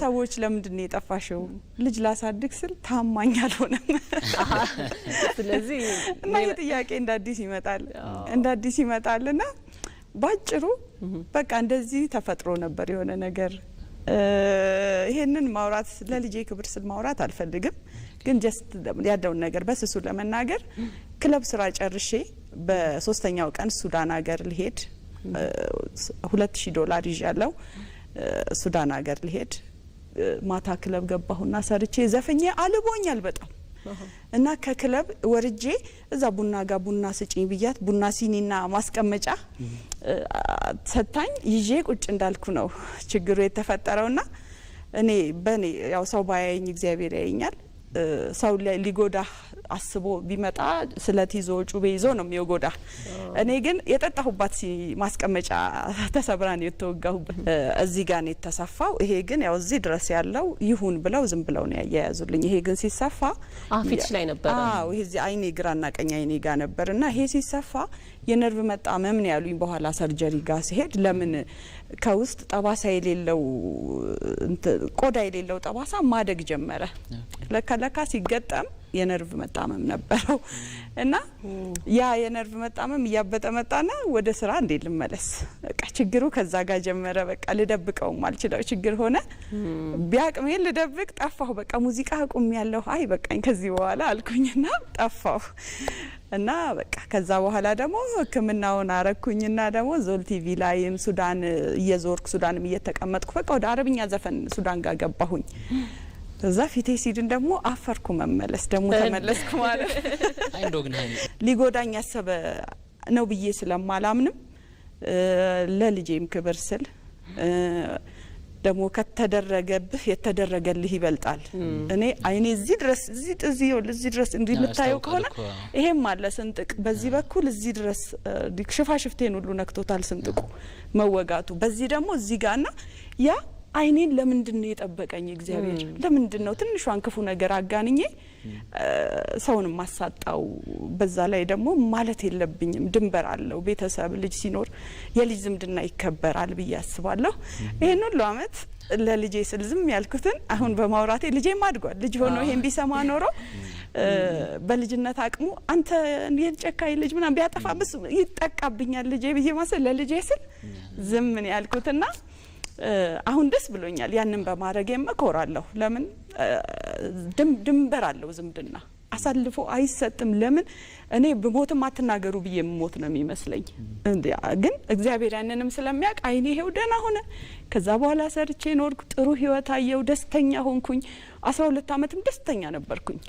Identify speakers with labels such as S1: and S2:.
S1: ሰዎች ለምንድን ነው የጠፋሽው? ልጅ ላሳድግ ስል ታማኝ አልሆነም። ስለዚህ እና ይህ ጥያቄ እንደ አዲስ ይመጣል እንደ አዲስ ይመጣል ና ባጭሩ በቃ እንደዚህ ተፈጥሮ ነበር የሆነ ነገር። ይሄንን ማውራት ለልጄ ክብር ስል ማውራት አልፈልግም፣ ግን ጀስት ያለውን ነገር በስሱ ለመናገር ክለብ ስራ ጨርሼ በሶስተኛው ቀን ሱዳን ሀገር ልሄድ ሁለት ሺህ ዶላር ይዣለው ሱዳን ሀገር ልሄድ ማታ ክለብ ገባሁና ሰርቼ ዘፈኘ አልቦኛል በጣም እና ከክለብ ወርጄ እዛ ቡና ጋር ቡና ስጭኝ ብያት ቡና ሲኒና ማስቀመጫ ሰታኝ ይዤ ቁጭ እንዳልኩ ነው ችግሩ የተፈጠረውና እኔ በእኔ ያው ሰው ባያየኝ እግዚአብሔር ያየኛል። ሰው ሊጎዳ አስቦ ቢመጣ ስለት ይዞ ጩቤ ይዞ ነው የሚወጎዳ። እኔ ግን የጠጣሁባት ማስቀመጫ ተሰብራ ነው የተወጋሁበት። እዚህ ጋር ነው የተሰፋው። ይሄ ግን ያው እዚህ ድረስ ያለው ይሁን ብለው ዝም ብለው ነው ያያያዙልኝ። ይሄ ግን ሲሰፋ
S2: ፊትሽ ላይ ነበር።
S1: አዎ ይሄ እዚህ አይኔ ግራና ቀኝ አይኔ ጋር ነበር እና ይሄ ሲሰፋ የነርቭ መጣመም ነው ያሉኝ። በኋላ ሰርጀሪ ጋር ሲሄድ ለምን ከውስጥ ጠባሳ የሌለው ቆዳ የሌለው ጠባሳ ማደግ ጀመረ። ለካ ለካ ሲገጠም የነርቭ መጣመም ነበረው እና ያ የነርቭ መጣመም እያበጠ መጣና ወደ ስራ እንዴ ልመለስ በቃ ችግሩ ከዛ ጋር ጀመረ። በቃ ልደብቀው አልችለው ችግር ሆነ። ቢያቅሜ ልደብቅ ጠፋሁ። በቃ ሙዚቃ አቁም ያለሁ አይ በቃኝ ከዚህ በኋላ አልኩኝና ጠፋሁ። እና በቃ ከዛ በኋላ ደግሞ ሕክምናውን አረኩኝና ደግሞ ዞል ቲቪ ላይም ሱዳን እየዞርኩ ሱዳንም እየተቀመጥኩ በቃ ወደ አረብኛ ዘፈን ሱዳን ጋር ገባሁኝ። ከዛ ፊቴ ሲድን ደግሞ አፈርኩ። መመለስ ደግሞ ተመለስኩ ማለት ሊጎዳኝ ያሰበ ነው ብዬ ስለማላምንም ለልጄም ክብር ስል ደግሞ ከተደረገብህ የተደረገልህ ይበልጣል። እኔ አይኔ እዚህ ድረስ እዚህ እዚህ እዚህ ድረስ እንዲህ የምታየው ከሆነ ይሄም አለ ስንጥቅ፣ በዚህ በኩል እዚህ ድረስ ሽፋሽፍቴን ሁሉ ነክቶታል ስንጥቁ መወጋቱ፣ በዚህ ደግሞ እዚህ ጋርና ያ አይኔን ለምንድን ነው የጠበቀኝ እግዚአብሔር? ለምንድን ነው ትንሿን ክፉ ነገር አጋንኜ ሰውን ማሳጣው? በዛ ላይ ደግሞ ማለት የለብኝም ድንበር አለው። ቤተሰብ ልጅ ሲኖር የልጅ ዝምድና ይከበራል ብዬ አስባለሁ። ይህን ሁሉ አመት ለልጄ ስል ዝም ያልኩትን አሁን በማውራቴ ልጄም አድጓል። ልጅ ሆኖ ይሄን ቢሰማ ኖሮ በልጅነት አቅሙ አንተ የጨካኝ ልጅ ምናምን ቢያጠፋ ብስ ይጠቃብኛል ልጄ ብዬ ማሰብ ለልጄ ስል ዝምን ያልኩትና አሁን ደስ ብሎኛል። ያንን በማድረግ የምኮራለሁ። ለምን ድንበር አለው ዝምድና አሳልፎ አይሰጥም። ለምን እኔ ብሞትም አትናገሩ ብዬ የምሞት ነው የሚመስለኝ። ግን እግዚአብሔር ያንንም ስለሚያውቅ አይኔ ይሄው ደህና ሆነ። ከዛ በኋላ ሰርቼ ኖርኩ፣ ጥሩ ህይወት አየው፣ ደስተኛ ሆንኩኝ። አስራ ሁለት አመትም ደስተኛ ነበርኩኝ።